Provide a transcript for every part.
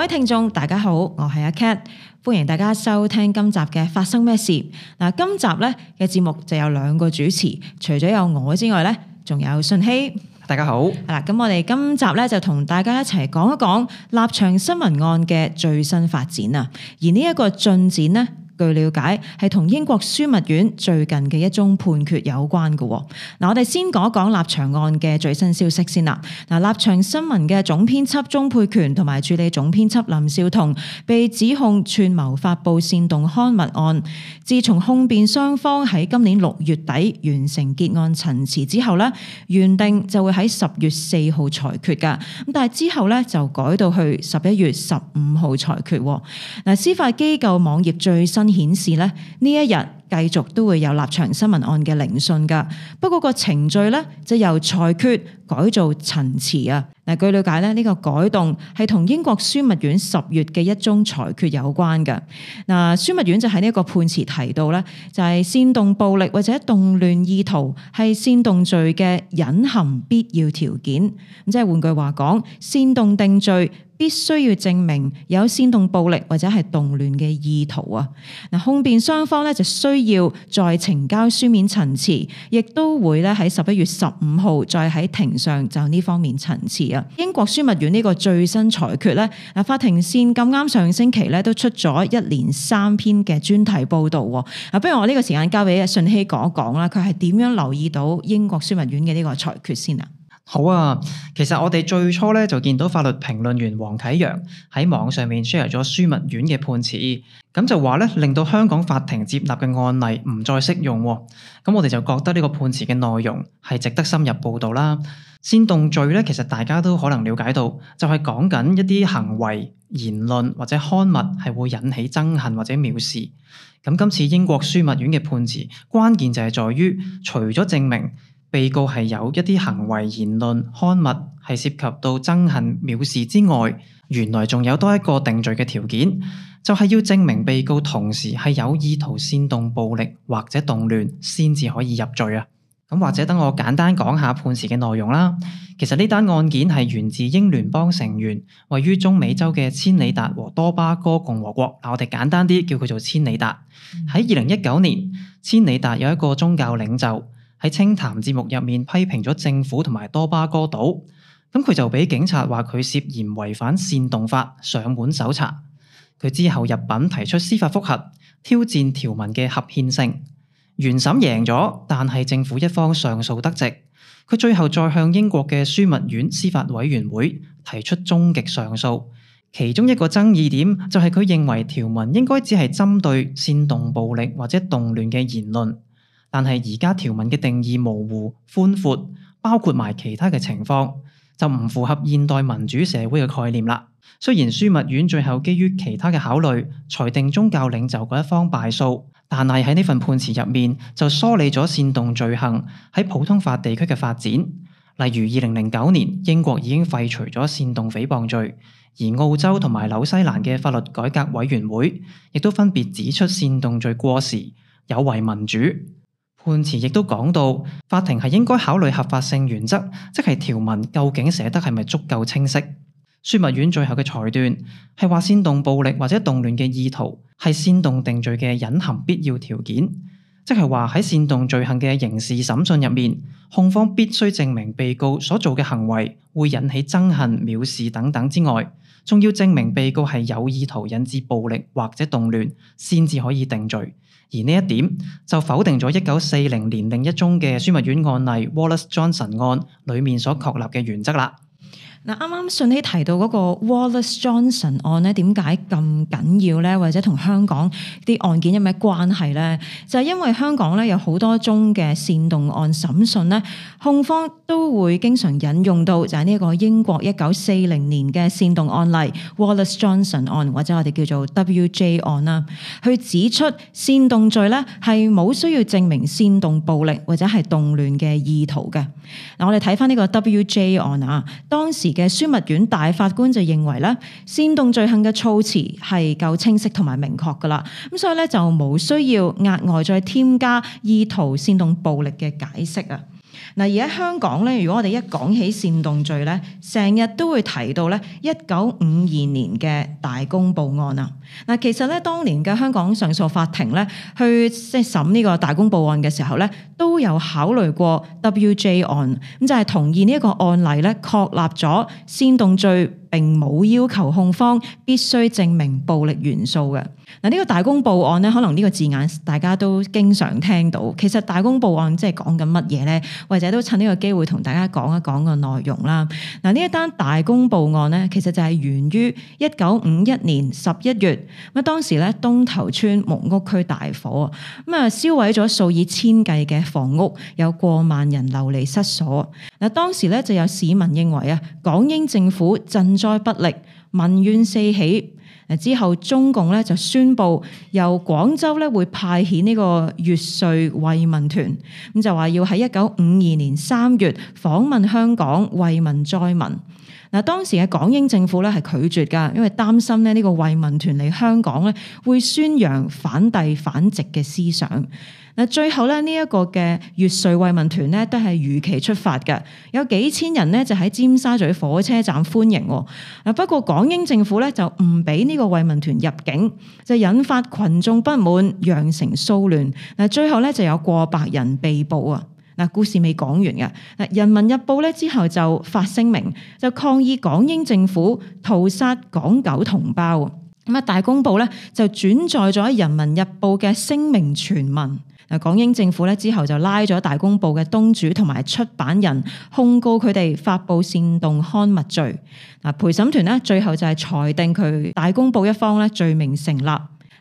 各位聽眾，大家好，我係阿 Cat，歡迎大家收聽今集嘅法生咩事。嗱，今集咧嘅節目就有兩個主持，除咗有我之外咧，仲有信熙。大家好，係咁，我哋今集咧就同大家一齊講一講立場新聞案嘅最新發展啊，而這進展呢一個進展咧。據了解係同英國樞密院最近嘅一宗判決有關嘅，哦。嗱，我哋先講一講立場案嘅最新消息先啦。嗱，立場新聞嘅總編輯鍾佩權同埋助理總編輯林少彤被指控串謀發布煽動刊物案。自從控辯雙方喺今年六月底完成結案陳詞之後呢，原定就會喺十月四號裁決嘅。咁但係之後呢，就改到去十一月十五號裁決。嗱，司法機構網頁最新。顯示呢呢一日繼續都會有立場新聞案嘅聆訊㗎，不過個程序呢，就由裁決改做陳詞啊。嗱，據了解呢，呢、這個改動係同英國樞密院十月嘅一宗裁決有關嘅。嗱，樞密院就喺呢一個判詞提到咧，就係、是、煽動暴力或者動亂意圖係煽動罪嘅隱含必要條件。即係換句話講，煽動定罪。必須要證明有煽動暴力或者係動亂嘅意圖啊！嗱，控辯雙方咧就需要再呈交書面陳詞，亦都會咧喺十一月十五號再喺庭上就呢方面陳詞啊！英國樞密院呢個最新裁決呢，啊法庭線，咁啱上星期咧都出咗一連三篇嘅專題報道啊，啊，不如我呢個時間交俾信熙講一講啦，佢係點樣留意到英國樞密院嘅呢個裁決先啊？好啊，其實我哋最初咧就見到法律評論員黃啟暘喺網上面 share 咗樞密院嘅判詞，咁就話咧令到香港法庭接納嘅案例唔再適用，哦，咁我哋就覺得呢個判詞嘅內容係值得深入報道啦。煽動罪咧，其實大家都可能了解到，就係講緊一啲行為、言論或者刊物係會引起憎恨或者藐視。咁今次英國樞密院嘅判詞，關鍵就係在於除咗證明。被告係有一啲行為言論刊物係涉及到憎恨藐視之外，原來仲有多一個定罪嘅條件，就係要證明被告同時係有意圖煽動暴力或者動亂先至可以入罪啊！咁或者等我簡單講下判詞嘅內容啦。其實呢單案件係源自英聯邦成員位於中美洲嘅千里達和多巴哥共和國，嗱，我哋簡單啲叫佢做千里達。喺二零一九年，千里達有一個宗教領袖。喺清談節目入面批評咗政府同埋多巴哥島，咁佢就俾警察話佢涉嫌違反煽動法，上門搜查。佢之後入稟提出司法覆核挑戰條文嘅合憲性。原審贏咗，但係政府一方上訴得直。佢最後再向英國嘅樞密院司法委員會提出終極上訴。其中一個爭議點就係佢認為條文應該只係針對煽動暴力或者動亂嘅言論。但係而家條文嘅定義模糊寬闊，包括埋其他嘅情況，就唔符合現代民主社會嘅概念啦。雖然樞密院最後基於其他嘅考慮，裁定宗教領袖嗰一方敗訴，但係喺呢份判詞入面就梳理咗煽動罪行喺普通法地區嘅發展，例如二零零九年英國已經廢除咗煽動誹謗罪，而澳洲同埋紐西蘭嘅法律改革委員會亦都分別指出煽動罪過時，有違民主。判詞亦都講到，法庭係應該考慮合法性原則，即係條文究竟寫得係咪足夠清晰。樞密院最後嘅裁斷係話煽動暴力或者動亂嘅意圖係煽動定罪嘅隱含必要條件，即係話喺煽動罪行嘅刑事審訊入面，控方必須證明被告所做嘅行為會引起憎恨、藐視等等之外，仲要證明被告係有意圖引致暴力或者動亂，先至可以定罪。而呢一點就否定咗一九四零年另一宗嘅樞密院案例 Wallace Johnson 案裏面所確立嘅原則啦。嗱，啱啱信熙提到嗰個 Wallace Johnson 案咧，點解咁緊要咧？或者同香港啲案件有咩關係咧？就係因為香港咧有好多宗嘅煽動案審訊咧，控方都會經常引用到就係呢一個英國一九四零年嘅煽動案例 Wallace Johnson 案或者我哋叫做 WJ 案啦，去指出煽動罪咧係冇需要證明煽動暴力或者係動亂嘅意圖嘅。嗱，我哋睇翻呢個 WJ 案啊，當時。嘅樞密院大法官就認為咧，煽動罪行嘅措辭係夠清晰同埋明確噶啦，咁所以咧就冇需要額外再添加意圖煽動暴力嘅解釋。嗱，而喺香港咧，如果我哋一講起煽動罪咧，成日都會提到咧一九五二年嘅大公報案啊。嗱，其實咧，當年嘅香港上訴法庭咧，去即係審呢個大公報案嘅時候咧，都有考慮過 WJ 案，就係同意呢一個案例咧，確立咗煽動罪並冇要求控方必須證明暴力元素嘅。嗱，呢個大公報案呢，可能呢個字眼大家都經常聽到。其實大公報案即係講緊乜嘢咧？或者都趁呢個機會同大家講一講個內容啦。嗱，呢一單大公報案咧，其實就係源於一九五一年十一月咁啊，當時咧東頭村木屋區大火，咁啊燒毀咗數以千計嘅房屋，有過萬人流離失所。嗱，當時呢就有市民認為啊，港英政府賑災不力，民怨四起。之後中共咧就宣布，由廣州咧會派遣呢個粵穗慰問團，咁就話要喺一九五二年三月訪問香港慰問災民。嗱，當時嘅港英政府咧係拒絕噶因為擔心咧呢個慰問團嚟香港咧會宣揚反帝反殖嘅思想。嗱，最後咧呢一個嘅粵穗慰問團呢，都係如期出發嘅，有幾千人呢，就喺尖沙咀火車站歡迎。嗱，不過港英政府呢，就唔俾呢個慰問團入境，就引發群眾不滿，釀成騷亂。嗱，最後呢，就有過百人被捕啊！嗱，故事未講完嘅。嗱，《人民日報》呢，之後就發聲明，就抗議港英政府屠殺港九同胞。咁啊，《大公報》呢，就轉載咗《人民日報》嘅聲明全文。港英政府咧，之後就拉咗《大公報》嘅東主同埋出版人，控告佢哋發佈煽動刊物罪。嗱，陪審團咧，最後就係裁定佢《大公報》一方咧罪名成立。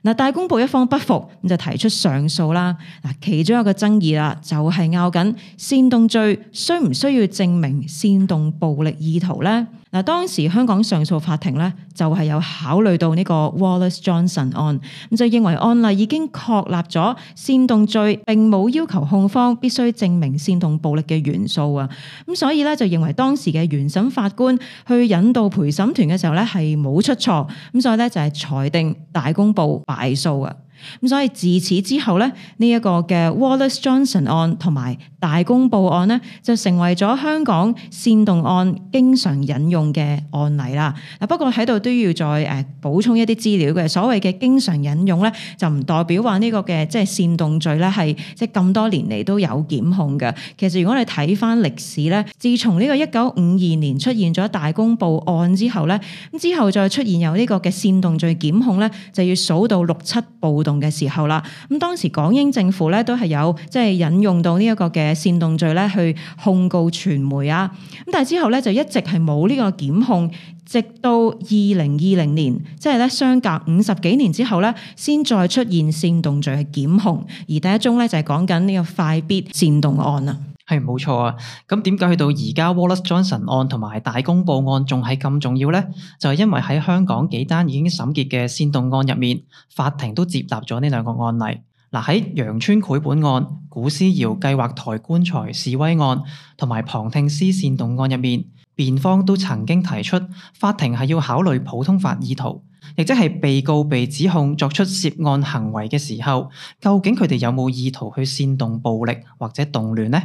嗱，《大公報》一方不服，就提出上訴啦。嗱，其中一個爭議啦，就係拗緊煽動罪需唔需要證明煽動暴力意圖呢？嗱，當時香港上訴法庭咧就係有考慮到呢個 Wallace Johnson 案，就認為案例已經確立咗煽動罪，並冇要求控方必須證明煽動暴力嘅元素啊，所以呢，就認為當時嘅原審法官去引導陪審團嘅時候咧係冇出錯，咁所以呢，就係裁定大公報敗訴啊。咁所以自此之後呢，呢一個嘅 Wallace Johnson 案同埋大公報案呢，就成為咗香港煽動案經常引用嘅案例啦。嗱，不過喺度都要再誒補充一啲資料嘅。所謂嘅經常引用呢，就唔代表話呢個嘅即係煽動罪呢係即係咁多年嚟都有檢控嘅。其實如果你哋睇返歷史呢，自從呢個一九五二年出現咗大公報案之後呢，之後再出現有呢個嘅煽動罪檢控呢，就要數到六七部動嘅時候啦，咁當時港英政府咧都係有即係、就是、引用到呢一個嘅煽動罪咧去控告傳媒啊，但係之後咧就一直係冇呢個檢控，直到二零二零年，即係咧相隔五十幾年之後咧，先再出現煽動罪去檢控，而第一宗咧就係講緊呢個快必煽動案啦。係冇錯啊！咁點解去到而家 Wallace Johnson 案同埋大公報案仲係咁重要呢？就係因為喺香港幾單已經審結嘅煽動案入面，法庭都接納咗呢兩個案例。嗱，喺羊村繪本案、古思堯計劃抬棺材示威案同埋旁聽師煽動案入面，辯方都曾經提出法庭係要考慮普通法意圖，亦即係被告被指控作出涉案行為嘅時候，究竟佢哋有冇意圖去煽動暴力或者動亂呢？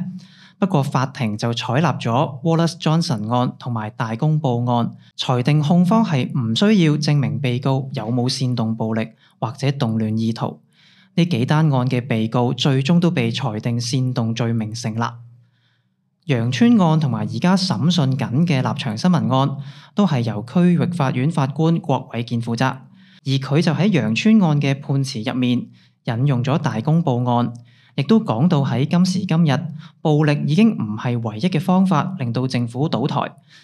不過，法庭就採納咗 Wallace Johnson 案同埋大公報案裁定，控方係唔需要證明被告有冇煽動暴力或者動亂意圖。呢幾單案嘅被告最終都被裁定煽動罪名成立。楊村案同埋而家審訊緊嘅立場新聞案，都係由區域法院法官郭偉健負責。而佢就喺楊村案嘅判詞入面引用咗大公報案，亦都講到喺今時今日，暴力已經唔係唯一嘅方法，令到政府倒台，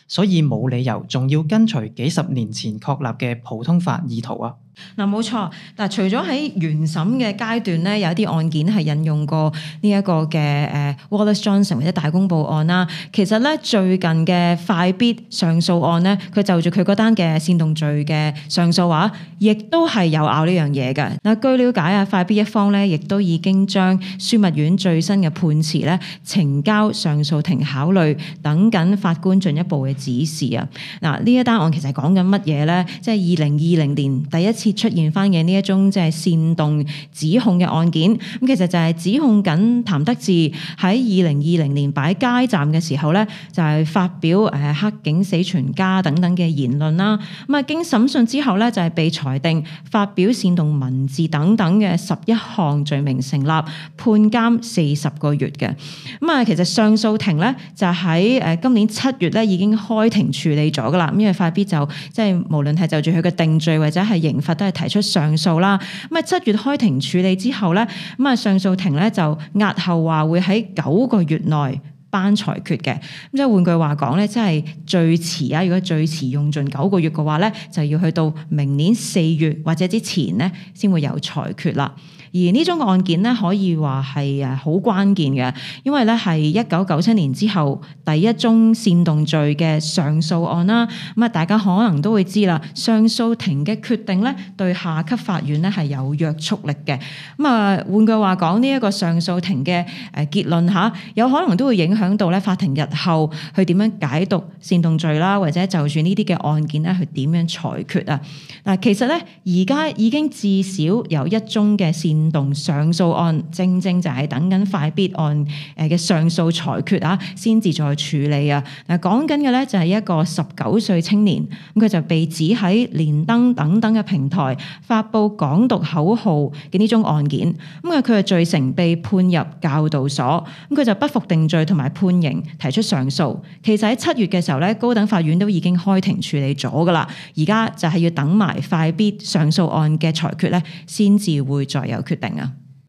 所以冇理由仲要跟隨幾十年前確立嘅普通法意圖啊！嗱，冇錯，但係除咗喺原審嘅階段咧，有一啲案件係引用過呢一個嘅、呃、Wallace Johnson 或者大公報案啦，其實咧最近嘅快必上訴案呢，佢就住佢嗰單嘅煽動罪嘅上訴話，亦都係有拗呢樣嘢嘅。嗱，據瞭解啊，快必一方呢，亦都已經將樞密院最新嘅判詞呈交上訴庭考慮，等緊法官進一步嘅指示啊！嗱，呢一單案其實講緊乜嘢呢？即係二零二零年第一次出現返嘅呢一宗即係煽動指控嘅案件。咁其實就係指控緊譚德志喺二零二零年擺街站嘅時候呢，就係、是、發表黑警死全家等等嘅言論啦。咁啊，經審訊之後呢，就係、是、被裁定發表煽動文字等等嘅十一項罪名成立，判監四十個月嘅。咁啊，其實上訴庭呢，就喺今年七月已經開庭處理咗噶啦，因為快 B 就即係無論係就住佢嘅定罪或者係刑罰都係提出上訴啦。咁啊，七月開庭處理之後呢，咁啊上訴庭呢，就押後話會喺九個月內班裁決嘅，咁即係換句話講咧，即係最遲啊，如果最遲用盡九個月嘅話咧，就要去到明年四月或者之前咧，先會有裁決啦。而呢種案件咧，可以話係誒好關鍵嘅，因為咧係一九九七年之後第一宗煽動罪嘅上訴案啦。咁啊，大家可能都會知啦，上訴庭嘅決定咧，對下級法院咧係有約束力嘅。咁啊，換句話講，呢一個上訴庭嘅誒結論吓有可能都會影響，響到咧，法庭日後去點樣解讀煽動罪啦，或者就算呢啲嘅案件咧，去點樣裁決啊？嗱，其實咧，而家已經至少有一宗嘅煽動上訴案，正正就係等緊快必案誒嘅上訴裁決啊，先至再處理啊。嗱，講緊嘅咧就係一個十九歲青年，咁佢就被指喺連登等等嘅平台發布港獨口號嘅呢種案件，咁啊佢嘅罪成被判入教導所，咁佢就不服定罪同埋判刑提出上訴，其實喺七月嘅時候咧，高等法院都已經開庭處理咗㗎喇，而家就係要等埋快必上訴案嘅裁決咧，先至會再有決定。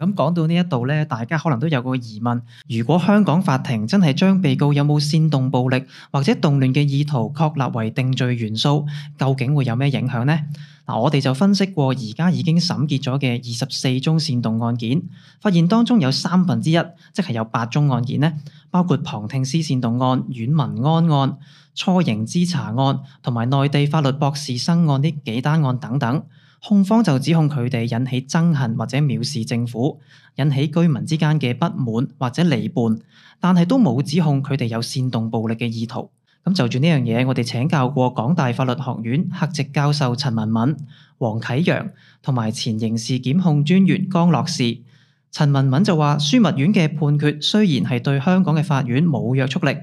咁講到呢一度咧，大家可能都有個疑問：如果香港法庭真係將被告有冇煽動暴力或者動亂嘅意圖確立為定罪元素，究竟會有咩影響呢？嗱，我哋就分析過而家已經審結咗嘅二十四宗煽動案件，發現當中有三分之一，即係有八宗案件咧，包括旁聽師煽動案、阮文安案、初刑偵查案同埋內地法律博士生案呢幾單案等等。控方就指控佢哋引起憎恨或者藐視政府，引起居民之間嘅不滿或者離叛，但係都冇指控佢哋有煽動暴力嘅意圖。咁就住呢樣嘢，我哋請教過港大法律學院客席教授陳文敏、黃啟暘同埋前刑事檢控專員江樂士。陳文敏就話，樞密院嘅判決雖然係對香港嘅法院冇約束力，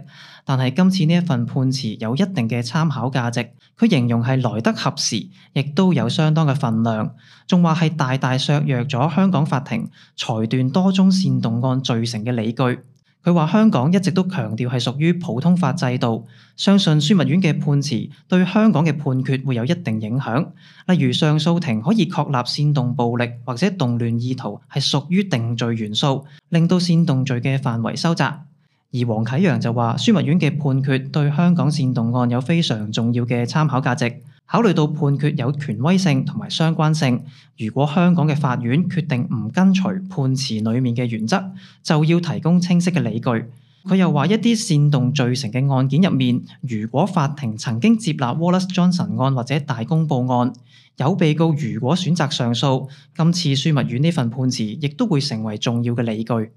但係今次呢一份判詞有一定嘅參考價值。佢形容係來得合時，亦都有相當嘅份量，仲話係大大削弱咗香港法庭裁斷多宗煽動案罪成嘅理據。佢話香港一直都強調係屬於普通法制度，相信樞密院嘅判詞對香港嘅判決會有一定影響。例如上訴庭可以確立煽動暴力或者動亂意圖係屬於定罪元素，令到煽動罪嘅範圍收窄。而黃啟陽就話，樞密院嘅判決對香港煽動案有非常重要嘅參考價值。考慮到判決有權威性同埋相關性，如果香港嘅法院決定唔跟隨判詞裡面嘅原則，就要提供清晰嘅理據。佢又話：一啲煽動罪成嘅案件入面，如果法庭曾經接納 Wallace Johnson 案或者大公報案，有被告如果選擇上訴，今次樞密院呢份判詞亦都會成為重要嘅理據。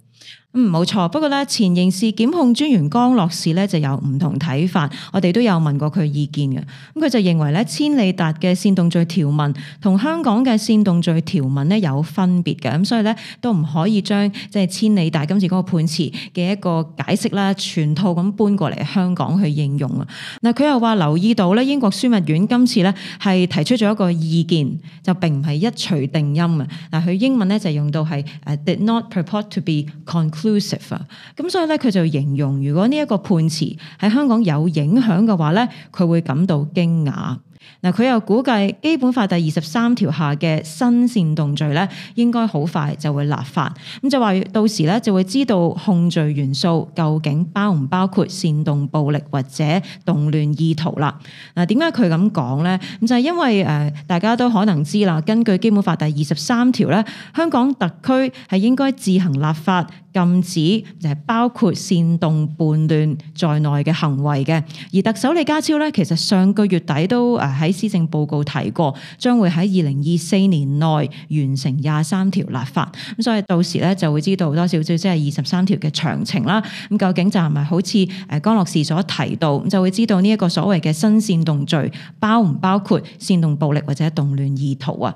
嗯，冇錯。不過咧，前刑事檢控專員江樂士咧就有唔同睇法，我哋都有問過佢意見嘅。咁佢就認為咧，千里達嘅煽動罪條文同香港嘅煽動罪條文咧有分別嘅。咁所以咧，都唔可以將即係千里達今次嗰個判詞嘅一個解釋啦，全套咁搬過嚟香港去應用啊。嗱，佢又話留意到咧，英國樞密院今次咧係提出咗一個意見，就並唔係一錘定音啊。嗱，佢英文咧就用到係 did not purport to be。conclusive 啊，咁所以呢，佢就形容如果呢一個判詞喺香港有影響嘅話，呢佢會感到驚訝。嗱，佢又估計《基本法》第二十三條下嘅新煽動罪咧，應該好快就會立法，就話到時就會知道控罪元素究竟包唔包括煽動暴力或者動亂意圖啦。嗱，點解佢咁講呢？就係、是、因為，呃，大家都可能知啦，根據《基本法》第二十三條，香港特區係應該自行立法禁止，包括煽動叛亂在內嘅行為嘅。而特首李家超咧，其實上個月底都，呃喺施政報告提過，將會喺二零二四年內完成廿三條立法，咁所以到時咧就會知道多少即係二十三條嘅詳情啦。咁究竟就係咪好似江樂士所提到，就會知道呢一個所謂嘅新煽動罪，包唔包括煽動暴力或者動亂意圖啊？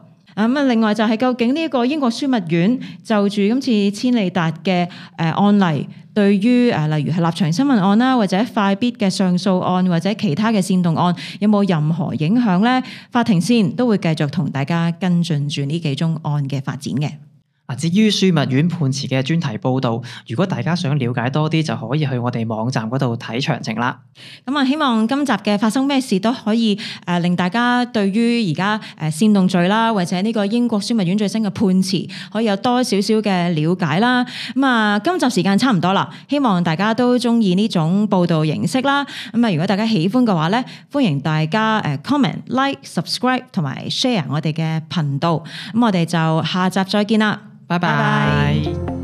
另外就係究竟呢個英國樞密院就住今次千里達嘅案例，對於例如係立場新聞案啦，或者快必嘅上訴案，或者其他嘅煽動案，有冇任何影響呢？法庭線都會繼續同大家跟進住呢幾宗案嘅發展嘅。至於樞密院判詞嘅專題報道，如果大家想了解多啲，就可以去我哋網站嗰度睇詳情啦。咁啊，希望今集嘅法生咩事都可以令大家對於而家煽動罪啦，或者呢個英國樞密院最新嘅判詞，可以有多少少嘅了解啦。咁啊，今集時間差唔多啦，希望大家都中意呢種報道形式啦。咁啊，如果大家喜歡嘅話呢，歡迎大家誒 comment、like、subscribe 同埋 share 我哋嘅頻道。咁我哋就下集再見啦。拜拜。